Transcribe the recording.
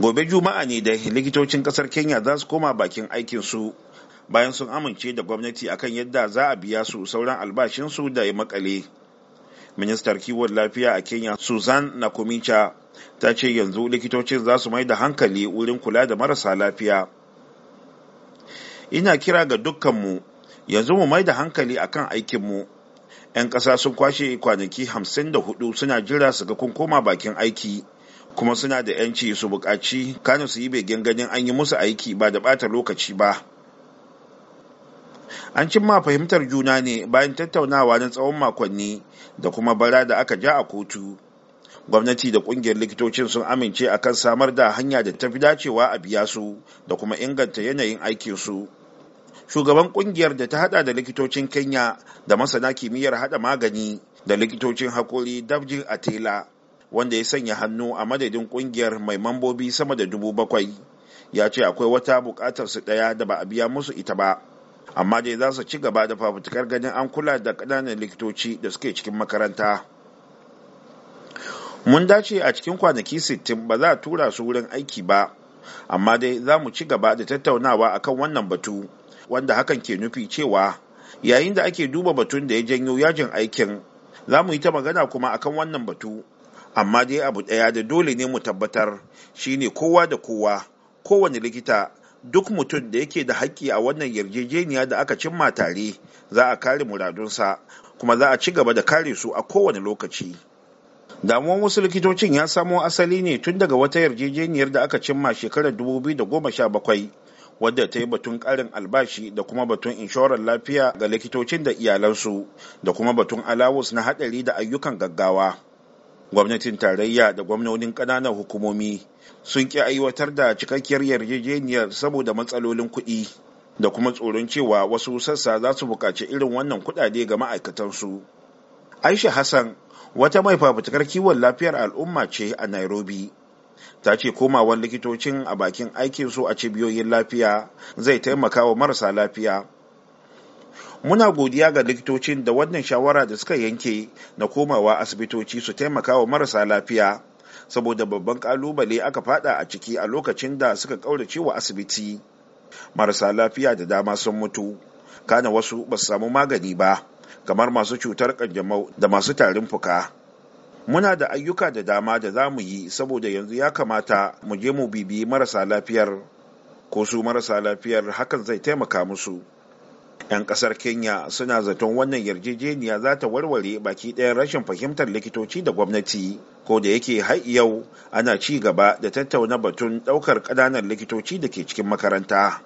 gobe juma'a ne da likitocin kasar kenya za su koma bakin aikin su bayan sun amince da gwamnati akan yadda za a biya su sauran albashin su da ya makale ministar kiwon lafiya a kenya susan nakumicha ta ce yanzu likitocin za su mai da hankali wurin kula da marasa lafiya ina kira ga dukkanmu yanzu mu mai da hankali akan aikinmu 'yan ƙasa sun kwashe kwanaki hamsin da 54 suna jira su ga kun koma bakin aiki kuma suna da 'yanci su bukaci kano su yi begen ganin an yi musu aiki ba da bata lokaci ba an cimma fahimtar juna ne bayan tattaunawa na tsawon makonni da kuma bara da aka ja a kotu gwamnati da kungiyar likitocin sun amince a kan samar da hanya da ta fi dacewa a biya su da kuma inganta yanayin su. shugaban kungiyar da ta hada da likitocin kenya da masana kimiyyar hada magani da likitocin hakori dabjin tela. wanda ya sanya hannu a madadin kungiyar mai mambobi sama da dubu bakwai ya ce akwai wata bukatar su daya da ba a biya musu ita ba amma dai za su ci gaba da fafutukar ganin an kula da ƙananan likitoci da suke cikin makaranta mun dace a cikin kwanaki sittin ba za a tura su wurin aiki ba amma dai za mu ci gaba da tattaunawa akan wannan batu wanda hakan ke nufi cewa yayin da ake duba batun da ya janyo yajin aikin za mu yi ta magana kuma akan wannan batu amma dai abu ɗaya da dole ne mu tabbatar shine kowa da kowa kowane likita duk mutum da yake da haƙƙi a wannan yarjejeniya da aka cimma tare za a kare muradunsa kuma za a ci gaba da kare su a kowane lokaci damuwan wasu likitocin ya samo asali ne tun daga wata yarjejeniyar da aka cimma shekarar 2017 wadda ta yi batun ƙarin albashi da kuma batun inshorar lafiya ga likitocin da iyalansu da kuma batun alawus na haɗari da ayyukan gaggawa gwamnatin tarayya da gwamnonin ƙananan hukumomi sun ƙi aiwatar da cikakkiyar yarjejeniyar saboda matsalolin kuɗi da kuma tsoron cewa wasu sassa za su buƙaci irin wannan kuɗaɗe ga ma'aikatansu aisha hassan wata mai fafutukar kiwon lafiyar al'umma ce a nairobi ta ce komawan likitocin a bakin aikinsu a cibiyoyin lafiya zai taimaka wa marasa lafiya muna godiya ga likitocin da wannan shawara da suka yanke na komawa asibitoci su taimaka wa marasa lafiya saboda babban kalubale aka fada a ciki a lokacin da suka kaurace wa asibiti marasa lafiya da dama sun mutu kana wasu ba su samu magani ba kamar masu cutar kanjamau da masu tarin fuka muna da ayyuka da dama da za mu yi saboda yanzu ya kamata mu je mu bibiyi marasa lafiyar ko su marasa lafiyar hakan zai taimaka musu 'yan kasar kenya suna zaton wannan yarjejeniya za ta warware baki ɗayan rashin fahimtar likitoci da gwamnati ko da yake har yau ana ci gaba da tattauna batun ɗaukar ƙananan likitoci da ke cikin makaranta